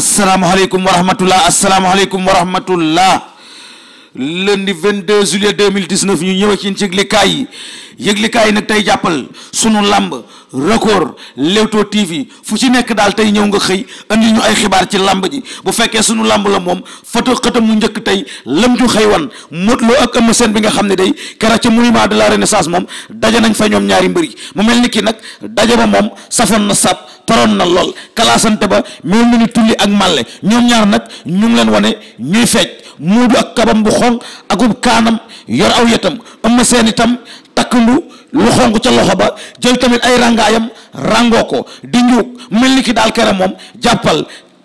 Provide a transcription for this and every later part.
asalaamaaleykum wa rahmatullah asalaamaaleykum wa rahmatullah lundi 22 juillet deux mille ñëw ci yéen ci yëglekaay yi yëglikaay yi nag tey jàppal suñu làmb record Leewtoo TV fu ci nekk daal tey ñëw nga xëy andi ñu ay xibaar ci làmb ji bu fekkee suñu làmb la moom foto xëtam mu njëkk tey lam ju xëy wan ak Eumeu Sène bi nga xam ne day kera ca monument de la moom daje nañ fa ñoom ñaari mbër yi mu mel ni ki nag daje ba na sàpp toroon na lool kalaasante ba mel ni tulli ak màlle ñoom ñaar nag ñu ngi leen wane ñuy feej Modou ak kabam bu xong akub kaanam yor aw yetam Eumeu Sène itam takk ndu lu xonq ca loxo ba jël tamit ay rangaayam rangoo ko di njuug mel ni ki daal kera moom jàppal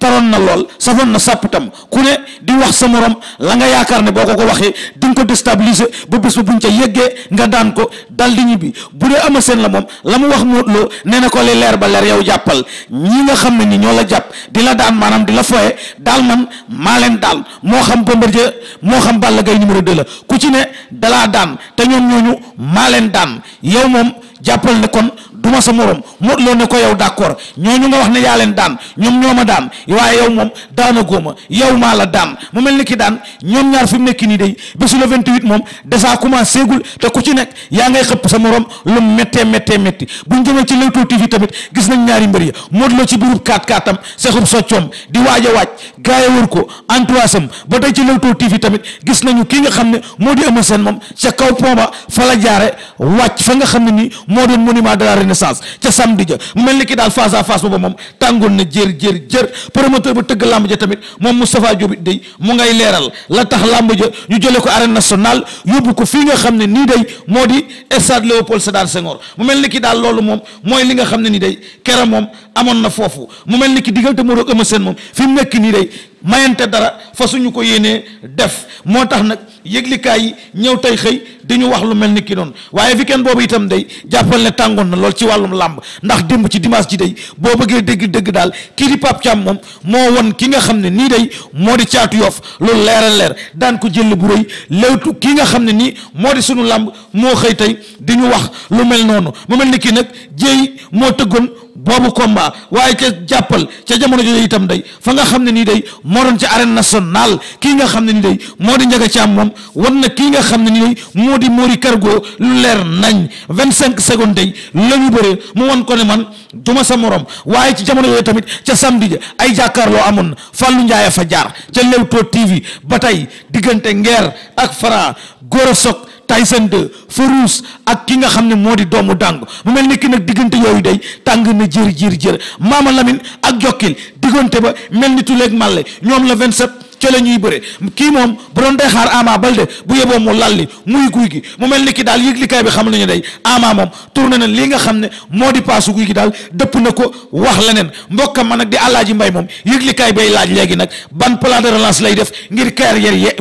taroon na lool safoon na sàpp itam ku ne di wax sa la nga yaakaar ne boo ko ko waxee di nga ko déstabiliser ba bés ba buñ ca yëggee nga daan ko dal di ñibbi bu dee ama seen la moom la mu wax Modou nee na ko li leer ba leer yow jàppal ñi nga xam ne ni ñoo la jàpp di la daan maanaam di la foye daal man maa leen daal moo xam Bombardier moo xam Balla Gaye numéro 2 la ku ci ne dalaa daan te ñoom ñooñu maa leen daan yow moom jàppal ne kon duma sa morom Modou Lo ne ko yow d'accord ñooñu nga wax ne yaa leen daan ñoom ñoo ma daan waaye yow moom daana góoma yow maa la daan mu mel ni ki daan ñoom ñaar fi mu nekk nii day bésu le 28 moom déjà commencé gul te ku ci nekk yaa ngay xëpp sa morom lu méttee méttee métti buñ jëmee ci Leewtoo TV tamit gis nañ ñaari mbër yi Modou Lo ci biirub kaat kaatam sexub soccoom di waaj a waaj gaay wër ko entourage am ba tey ci Leewtoo TV tamit gis nañu kii nga xam ne moo di Eumeu moom ca kaw pont fa la jaare wàcc fa nga xam ne nii moo doon monument de la renaissance ca samedi ja mel ni ki daal face à face booba moom tàngoon na jër jër jër promoteur bu tëgg làmb ja tamit moom Moustapha Diop day mu ngay leeral la tax làmb ja ñu jëlee ko arène nationale yóbbu ko fii nga xam ne nii day moo di stade Léopold Sédar Senghor mu mel ni ki daal loolu moom mooy li nga xam ne nii day kera moom amoon na foofu mu mel ni ki diggante moo doog Eumeu Sène moom fi nekk nii day mayante dara fa suñu ko yéenee def moo tax nag yëglikaay yi ñëw tey xëy di ñu wax lu mel ni ki noonu waaye weekend boobu itam day jàppal ne tàngoon na lool ci wàllum làmb ndax démb ci dimanche ji day boo bëggee dégg dëgg daal kii di Pape Thiam moom moo won ki nga xam ne nii day moo di caatu yoof loolu leeral leer daan ko jël bu rëy léewtu kii nga xam ne nii moo di suñu làmb moo xëy tey di ñu wax lu mel noonu mu mel ni kii nag jéey moo tëggoon boobu combat waaye ca jàppal ca jamono jooju itam day fa nga xam ne nii day moo doon ci arène nationale kii nga xam ne nii day moo di njaga caam moom wan na kii nga xam ne nii moo di Mori Cargo lu leer nañ vingt cinq secondes day la ñu bëree mu wan ko ne man duma sa moroom waaye ci jamono yooyu tamit ca samedi ja ay jàkkaarloo amoon na Fallou Ndiaye fa jaar ca Leewtoo TV ba tey diggante Nguer ak Fara Goro Sok Tyson 2 Farouz ak ki nga xam ne moo di doomu dàngu mu mel ni ki nag diggante yooyu day tàng na jër jër jër Maama Lamine ak Jokkil diggante ba mel ni tuleeg màlle ñoom la 27. ca la ñuy bëre kii moom bu doon day xaar Ama Baldé bu yeboo mu lalli muy guy gi mu mel ni ki daal yëglikaay bi xam nañu day Ama moom tourné na li nga xam ne moo di paasu guy gi daal dëpp na ko wax leneen mbokkam ma nag di Alaaji Mbay moom yëglikaay bay laaj léegi nag ban plan de relance lay def ngir carrière ye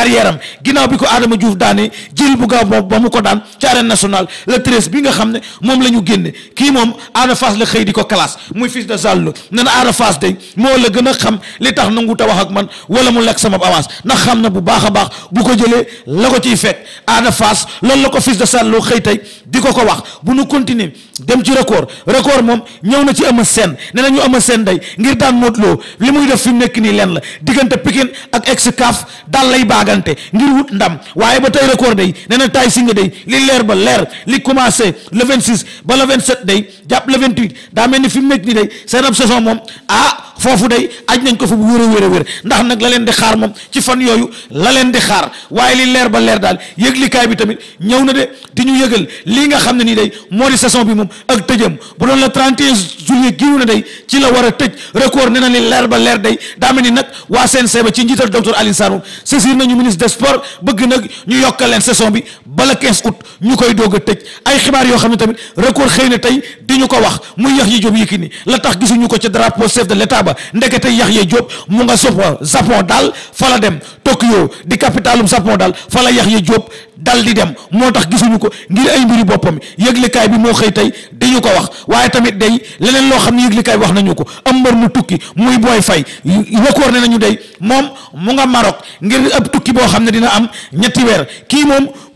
carrière am ginnaaw bi ko Adama Diouf daane jël bu gaaw boobu ba mu ko daan ci arène nationale le treize bi nga xam ne moom la ñu génne kii moom Ada Fass la xëy di ko classe muy fils de Zallo nee na Ada Fass day moo la gën a xam li tax nangu ta wax ak man wala mu lekk sama avance ndax xam na bu baax a baax bu ko jëlee la ko ciy fekk Ada Fass loolu la ko fils de Zallo xëy tey di ko ko wax bu nu continuer dem ci record record moom ñëw na ci Eumeu Sène nee na ñu Eumeu Sène day ngir daan Modou Lo li muy mu nekk nii leen la diggante Pikine ak ex CAF daal saagante ngir wut ndam waaye ba tey record day nee na taay si nga day li leer ba leer li commencé le 26 ba le 27 day jàpp le 28 daa mel ni fi mu nekk nii day seen ab saison moom ah foofu day aj nañ ko fa bu wér a wér a wér ndax nag la leen di xaar moom ci fan yooyu la leen di xaar waaye li leer ba leer daal yëglikaay bi tamit ñëw na de di ñu yëgal lii nga xam ne nii day moo di saison bi moom ak tëjëm bu doon la 31 juillet giiw na day ci la war a tëj record nee na li leer ba leer dey daa mel ni nag waa CNG ba ci njiital docteur Alioune Sarr moom saisir nañu ministre des sports bëgg nag ñu yokkal leen saison bi bala 15 août ñu koy doog a tëj ay xibaar yoo xam ne tamit record xëy na tey di ñu ko wax muy yax yi jóob Yékini la tax gisuñu ko ca drapeau chef de l'état ba ndekete yax ye jóob mu nga sopa Japon daal fa la dem Tokyo di capitalum Japon daal fa la yax ye jóob dal di dem moo tax gisuñu ko ngir ay mbiri boppam yëglikaay bi moo xëy tey di ñu ko wax waaye tamit day leneen loo xam ne yëglikaay bi wax nañu ko am mbër mu tukki muy booy fay wakoor ne nañu day moom mu nga Maroc ngir ab tukki boo xam ne dina am ñetti weer kii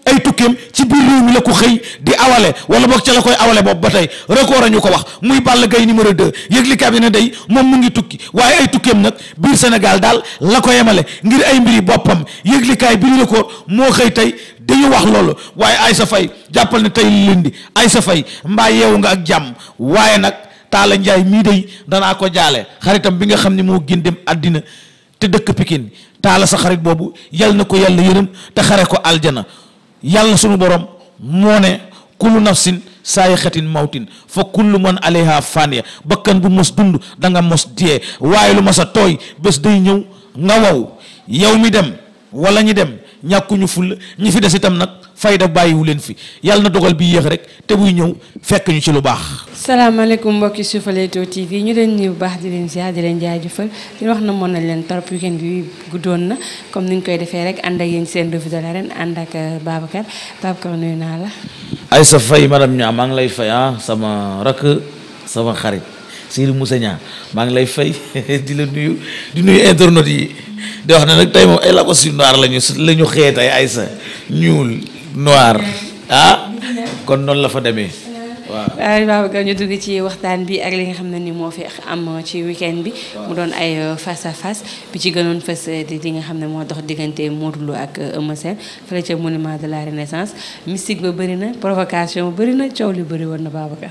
ay tukkeem ci biir réew mi la ko xëy di awale wala boog ca la koy awale boobu ba tey record ñu ko wax muy gay Gaye numéro 2 yëglikaay bi ne day moom mu ngi tukki waaye ay tukkeem nag biir Sénégal daal la ko yemale ngir ay mbiri boppam yëglikaay bi ñu record moo xëy tey dañu wax loolu waaye ay sa fay jàppal ne tey ay sa fay mbaa yeewu nga ak jàmm waaye nag taala Ndiaye mii day danaa ko jaale xaritam bi nga xam ne moo gën dem àddina te dëkk Pikine sa xarit boobu yal na ko yàlla yërëm te xare ko aljana yàlla sunu borom moo ne kullu nafsin saayixatin mawtin fa kullu man aleyha faniya bakkan bu mos dund da nga mos dee waaye lu mos a tooy bés day ñëw nga wow yow mi dem wala ñi dem ñàkku ñu fulla ñu fi des itam nag fayda bàyyiwu leen fi yàlla na dogal bi yéex rek te buy ñëw fekk ñu ci lu baax. salaamaaleykum mbokki suufa Leewtoo TV ñu leen nuyu bu baax di leen ziar di leen jaajëfal di wax na mën nañ leen torop weekend bi guddoon na comme ni ñu koy defee rek ànd ak yéen seen revue de l'arène ànd ak euh, Babacar Babacar nuyu naa la. Aïssa Faye madame Niang maa ngi lay fay ah, sama rakk sama xarit Sidi Moussa maa ngi lay fay di la nuyu di nuyu internautes yi. di wax ne nag tey moom ay lagos yu noir la ñu la ñu xëyee tey ay sa ñuul noir ah? kon noonu la fa demee. waaw Babacar ñu dugg ci waxtaan bi ak li nga xam ne ni moo fi am ci weekend bi mu doon ay euh, face à face bi ci gënoon fës euh, di li nga xam ne moo dox diggante Modou ak euh, Eumeu Sène fële ca monument de la renaissance mystique ba bëri na provocation bu bëri na coow li bëri woon na Babacar.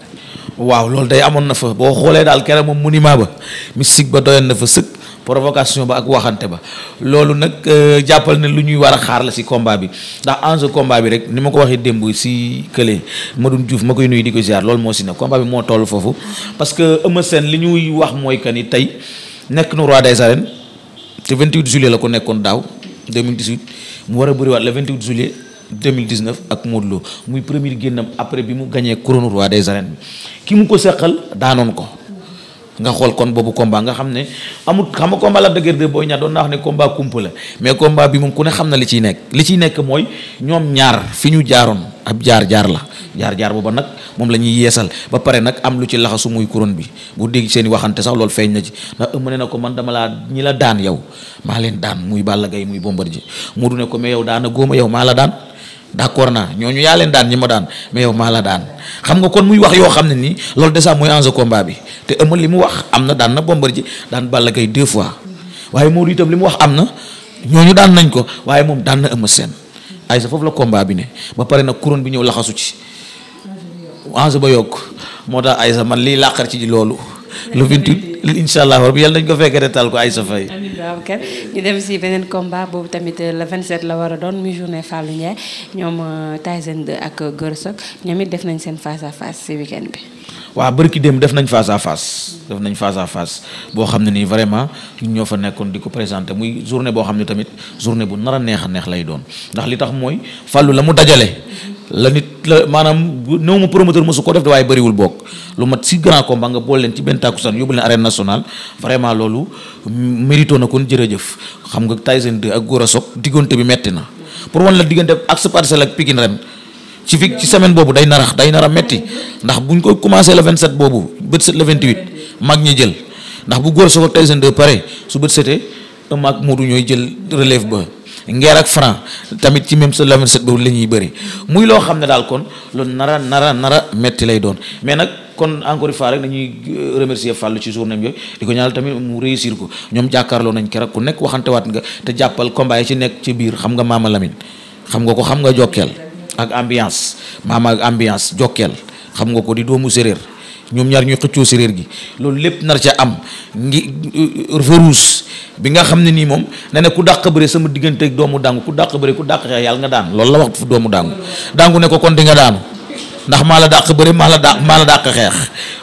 waaw loolu day amoon na fa boo xoolee daal keroog moom monument ba mystique ba doyoon na fa sëkk. provocation ba ak waxante ba loolu nag euh, jàppal na lu ñuy war a xaar la si combat bi ndax enjeu combat bi rek ni ma ko waxee démb si kële Madoum Diouf ma koy nuyu di ko ziar loolu moo si ne combat bi moo toll foofu parce que Eumeu Sène li ñuy wax mooy que ni tey nekk na roi des arènes te 28 juillet la ko nekkoon daaw 2018 mu war a bëriwaat le 28 juillet 2019 ak Modou Lo muy premier génnam après bi mu gañee couronne roi des arènes bi ki mu ko seqal daanoon ko. nga xool kon boobu combat nga xam ne amul xam ma combat la dëgër de booy ñaar doon naa ne combat kumpa la mais combat bi moom ku ne xam na li ciy nekk li ciy nekk mooy ñoom ñaar fi ñu jaaroon ab jaar jaar la jaar jaar booba nag moom la ñuy yeesal ba pare nag am lu ci laxasu muy couronne bi bu dégg seen waxante sax loolu feeñ na ci ndax ëmb ne na ko man dama laa ñi la daan yow maa leen daan muy Balla Gaye muy Bombardier mu du ne ko mais yow daana góoma yow maa la daan d'accord naa ñooñu yaa leen daan ñi ma daan mais yow maa la daan xam nga kon muy wax yoo xam ne nii loolu déjà mooy enjeu combat bi te ëmmal li mu wax am na daan na Bombardier daan Balla kay deux fois waaye moo Modou itam li mu wax am na ñoo ñooñu daan nañ ko waaye moom daan na Eumeu Sène ay sa foofu la combat bi ne ba pare na couronne bi ñëw laxasu ci enjeu ba yokk moo tax ay sa man liy làqar ci loolu le 28 incha allah rabbi yàlla nañ ko fekk retal ko ay sa fay. amiin Babacar dem si beneen combat boobu tamit euh, le set la war a doon muy journée Fallou Ndiaye ñoom euh, Tyson 2 ak Gorsok ñoom it def nañ seen face à face si weekend bi. waaw bërki dem def nañ face à face def nañ face à face boo xam ne nii vraiment ñoo fa nekkoon di ko présenté muy journée boo xam ne tamit journée bu nar a neex a neex lay doon ndax li tax mooy Fallou la mu dajale. la nit la maanaam néew ma promoteur mosu ko def waaye bëriwul bokk. lu mat si grand combat nga boole leen ci benn tàkkusaan yóbbu leen arène nationale vraiment loolu mérito na kon jërëjëf xam nga Tyson 2 ak Gora Sock diggante bi metti na pour wan la diggante ak sa parcelle ak Pikine ren ci ci semaine boobu day narax day nar a metti ndax buñ ko commencé le 27 boobu bët set le 28 mag ñi jël ndax bu Gora Sock ak Tyson 2 pare su bët setee ëmm ak Modou ñooy jël relève ba. ngeer ak franc tamit ci même sa la set boobu la ñuy bëri muy loo xam ne daal kon lu nara nara nara metti lay doon mais nag kon encore une fois rek dañuy euh, remercier Fallou ci journée am yooyu di ko ñaanal tamit mu réussir ko ñoom jàkkaarloo nañ keroog ku nekk waxante waat nga te jàppal combat yi ci nekk ci biir xam nga Mama Lamine xam nga ko xam nga jokkeel ak ambiance maama ak ambiance jokkeel xam nga ko di doomu séréer ñoom ñaar ñuy xëccoo séréer gi loolu lépp nar ca am ngi faruus euh, euh, bi nga xam ne nii moom ne ne ku dàq bëre sama diggante ak doomu dàngu ku dàq bëre ku dàq xeex yàlla nga daan loolu la wax fu doomu dàngu dàngu ne ko kon di nga daanu ndax maa la dàq bëre maa la dàq maa la dàq xeex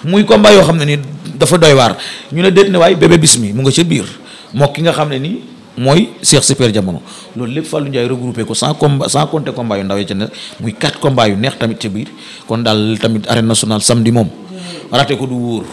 muy combat yoo xam ne nii dafa doy waar ñu ne déet ne waaye bébé bis mu nga ca biir moo ki nga xam ne nii mooy Cheikh Super jamono loolu lépp Fallou Ndiaye regroupé ko sans combat sans compter yu ndaw ya ca muy quatre combat yu neex tamit ca kon daal tamit arène nationale samedi moom rate ko du wóor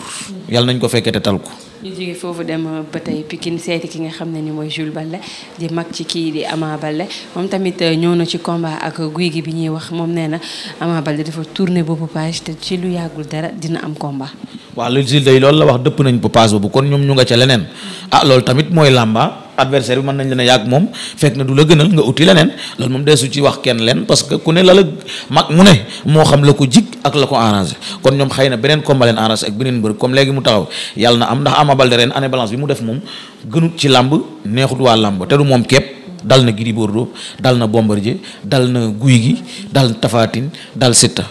yàlla nañ ko fekkee te tal ko. ñu jógee foofu dem ba tey Pikine seeti ki nga xam ne ni mooy Jules Baldé di mag ci kii di Ama Baldé moom tamit euh, ñëw na ci combat ak guy gi bi ñuy wax moom nee na Ama Baldé dafa tourné boobu page te ci lu yàggul dara dina am combat. waaw lu Jules de loolu la wax dëpp nañ bu page boobu kon ñoom ñu nga ca leneen ah loolu tamit mooy làmba adversaire bi mën nañ la ne yàgg moom fekk na du la gënal nga uti leneen loolu moom deesu ci wax kenn leen parce que ku ne la la mag mu ne moo xam la ko jig ak la ko arrangé kon ñoom xëy na beneen combat leen arrangé ak beneen mbër comme léegi mu taxaw yàlla na am ndax Ama Baldé ren année balance bi mu def moom gënut ci làmb neexut waa làmb te du moom képp dal na Gris Bordeaux dal na Bombardier dal na Gouye Gui dal na Tapha Tine dal Siteu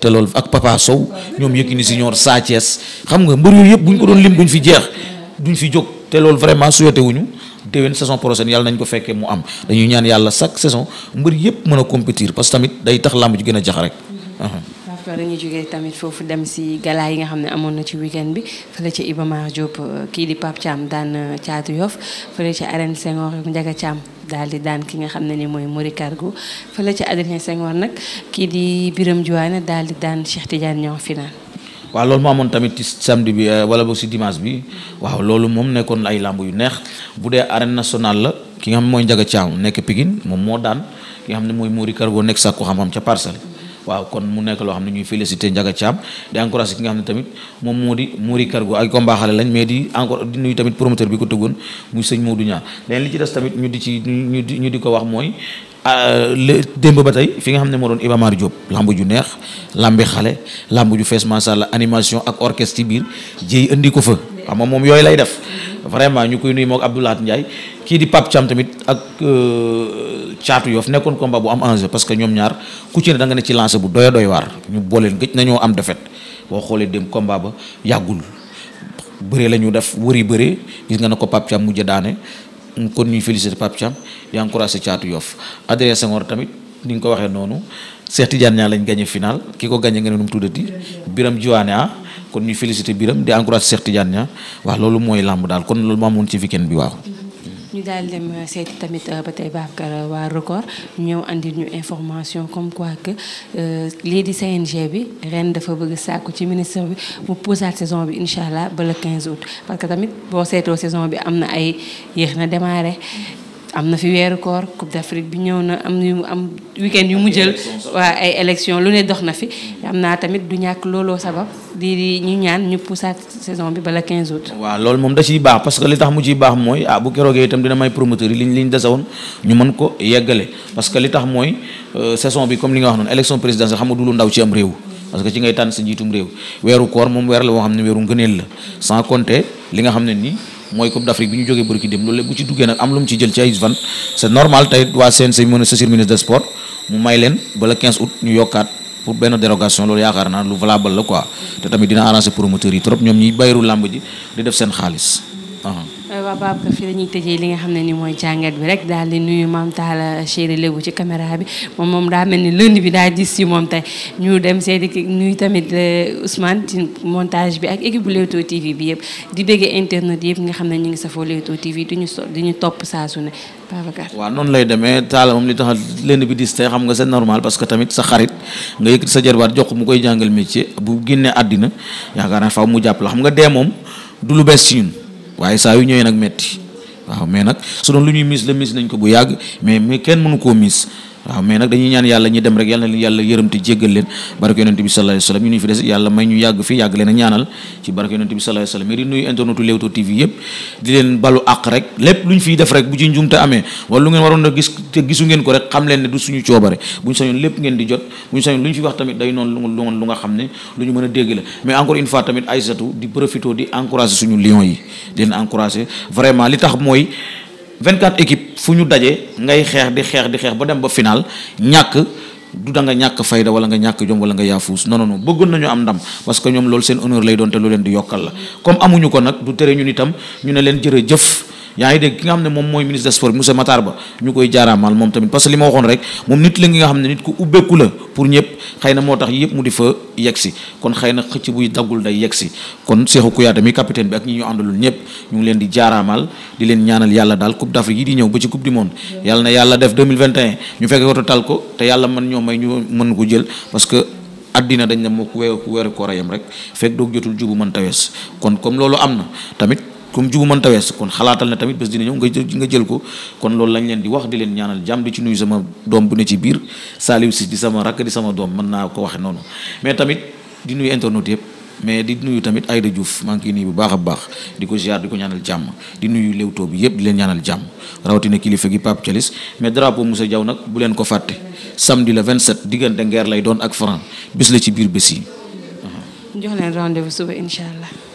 te loolu ak Papa Sow ñoom Yékini Senior Sa Thiès xam nga mbër yëpp bu ñu ko doon lim duñ fi jeex duñ fi jóg te loolu vraiment souhaité wuñu déwén saison prochaine yàlla nañ ko fekkee mu am dañuy ñaan yàlla chaque saison mbër yëpp mën a compétir parce tamit day tax làmb ji a jax rek. Mhm. d'accord dañuy jógee tamit foofu dem si gala yi nga xam ne amoon na ci weekend bi fële ca Iba Mar Diop euh, kii di Pape Thiam daan caatu euh, Yoff fële ca arène Senghor Ndiaga Thiam daal di daan ki nga xam ne ni mooy Mori Cargo fële ca Adrien Senghor nag kii di Biram Diouane daal di daan Cheikh Tidiane ñoo final waaw loolu moo amoon tamit ci samedi bi euh, wala boog si dimanche bi waaw loolu moom nekkoon ay làmb yu neex bu dee arène nationale la ki nga xam mooy Njaga Caam nekk Pikine moom moo daan ki nga xam ne mooy kër Cargo nekk sàkku xam-xam ca parcelle waaw kon mu nekk loo xam ne ñuy félicité Ndiaga Thiam di encouragé ki nga xam ne tamit moom moo di Mouri Kargo ay combat xale lañ mais di encore di nuyu tamit promoteur bi ko tëggoon muy sëñ Modou Niang leneen li ci des tamit ñu di ci ñu di ñu di ko wax mooy euh, le démb ba tey fi nga xam ne moo doon Iba Mar Diop lamb ju neex lambi xale lamb ju fees masha Allah animation ak orchestre biir jéy indi ko fa xam moom yooyu lay def vraiment ñu koy nuyu moog Abdoulaye Ndiaye kii di Pape Thiam tamit ak caatu euh, Yoff nekkoon combat bu am enjeu parce que ñoom ñaar ku ci ne da nga ne ci lancé bu doy doy waar ñu booleen gëj nañoo am defet boo xoolee dem combat ba yàggul bëre la ñu def wëri bëre gis nga ne ko Pape Thiam mujj daane kon ñuy féliciter Pape Thiam di encourager caatu Yoff Adrien Senghor tamit ni nga ko waxee noonu Cheikh Tidiane ñaa lañ gagné final ki ko gagné nga ne nu mu tuddati kon ñu félicité Biram di encourage Cheikh Tidiane Niang waaw loolu mooy làmb daal kon loolu moo amoon ci weekend bi waaw. ñu daal dem seeti tamit euh, ba tey Babacar euh, waa record ñëw andi ñu information comme quoi que euh, lii di CNG bi ren dafa bëgg sàkku ci ministre bi mu posaat saison bi incha allah ba le 15 parce que tamit boo seetoo saison bi am na ay yéex na démarré. am na fi weeru koor Coupe d'Afrique bi ñëw na am yu yu mu jël waa ay élection lu ne dox na fi am naa tamit du ñàkk looloo sabab di ñu ñaan ñu poussaat saison bi bala 15 août waaw loolu moom da ciy baax parce que li tax mu ciy baax mooy ah bu keroogee itam dina may promoteur yi liñ liñ desewoon ñu mën ko yeggale parce que li tax mooy euh, saison bi comme li nga wax noonu élection présidentielle xam nga du lu ndaw ci am réew parce que ci ngay tànn sa njiitum xam ne weeru ngëneel la sans compter mooy Coupe d'Afrique bi ñu jógee bërki dem loolu lépp bu ci duggee nag am lu mu ci jël ci ay fan c'est normal tey waa CNG mën a saisir ministre des sports mu may leen ba le 15 août ñu yokkaat pour benn dérogation loolu yaakaar naa lu valable la quoi te tamit dina arranger promoteurs yi trop ñoom ñi bayru làmb ji di def seen xaalis Euh, waaw Babacar fii dañuy tëjee li nga xam ne ni mooy jàngat bi rek daal di nuyu maam Talla Chéri léegu ci caméra bi moom moom daa mel ni lundi bi daal gis si moom tey ñu dem seeti nuyu tamit euh, Ousmane ci montage bi ak équipe bu Leewtoo TV bi yëpp di bëggee internet yëpp nga xam ne ñu ngi safoo Leewtoo TV duñu so duñu topp saa su ne Babacar. waaw noonu lay demee Talla moom li tax lundi bi dis tey xam nga c'est normal parce que tamit sa xarit nga yëkkati sa jarbaat jox mu koy jàngal métier bu génnee àddina mu jàpp la xam nga dee moom du lu bees ci waaye saa yu ñëwee nag metti waaw mais nag su doon lu ñuy miis la miis nañ ko bu yàgg mais mi kenn mënu koo miis waaw mais nag dañuy ñaan yàlla ñi dem rek yàlla na yàlla yërëm te jéggal leen barke yonent bi sallallahu alayhi wasallam ñu ñu fi des yàlla may ñu yàgg fi yàgg leen a ñaanal ci barke yonent bi sallallahu alayhi wasallam mais di nuyu internetu Leewtoo TV yëpp di leen balu àq rek lépp lu ñu fiy def rek bu ci njumte amee wala lu ngeen waroon a gis te gisu ngeen ko rek xam leen ne du suñu coobare bu ñu sañoon lépp ngeen di jot bu ñu sañoon lu ñu fi wax tamit day noonu lu lu nga xam ne lu ñu mën a dégg la mais encore une fois tamit Aïssatou di profito di encourager suñu lion yi di leen encourager vraiment li tax mooy 24 équipes fu ñu daje ngay xeex di xeex di xeex ba dem ba final ñàkk du da ñàkk fayda wala nga ñàkk jom wala nga yaafuus non bëggoon nañu am ndam parce ñoom loolu seen honneur lay doon lu leen di yokkal la comme amuñu ko nag du tere ñun itam ñu ne leen jërëjëf yaa ngi dégg ki nga xam ne moom mooy ministre des sports monsieur Matar Ba ñu koy jaaraamal moom tamit parce li ma waxoon rek moom nit la nga xam ne nit ku ubbeeku la pour ñëpp xëy na moo tax yëpp mu di fa yegg si kon xëy na xëcc buy daggul day yegg si kon Cheikhou ku mi capitaine bi ak ñi ñu àndalul ñëpp ñu ngi leen di jaaraamal di leen ñaanal yàlla daal coupe d'Afrique yi di ñëw ba ci coupe du monde yàlla na yàlla def 2021 ñu fekkee ko tal ko te yàlla man ñoo may ñu mën ko jël parce que addina dañ ne moo ku weeru koor a yem rek fekk doog jotul jubu mën tawees kon comme loolu am na tamit comme jubu mënta wees kon xalaatal na tamit bés dina ñëw nga nga jël ko kon loolu lañ leen di wax di leen ñaanal jàmm di ci nuyu sama doom bu ne ci biir Saliou Ciss di di ko waxe mais di nuyu internautes yëpp mais di nuyu tamit Aïda Diouf maa ngi koy nuyu bu baax a baax di ko ziar di ko ñaanal jàmm di nuyu Leewtoo bi yëpp di leen ñaanal jàmm rawatina kilifa gi Pape Thialis mais drapeau Moussa Diaw nag bu leen ko fàtte samedi le 27 diggante ngeer lay doon ak Franc bis la ci biir bés yi. jox leen rendez-vous suba incha allah.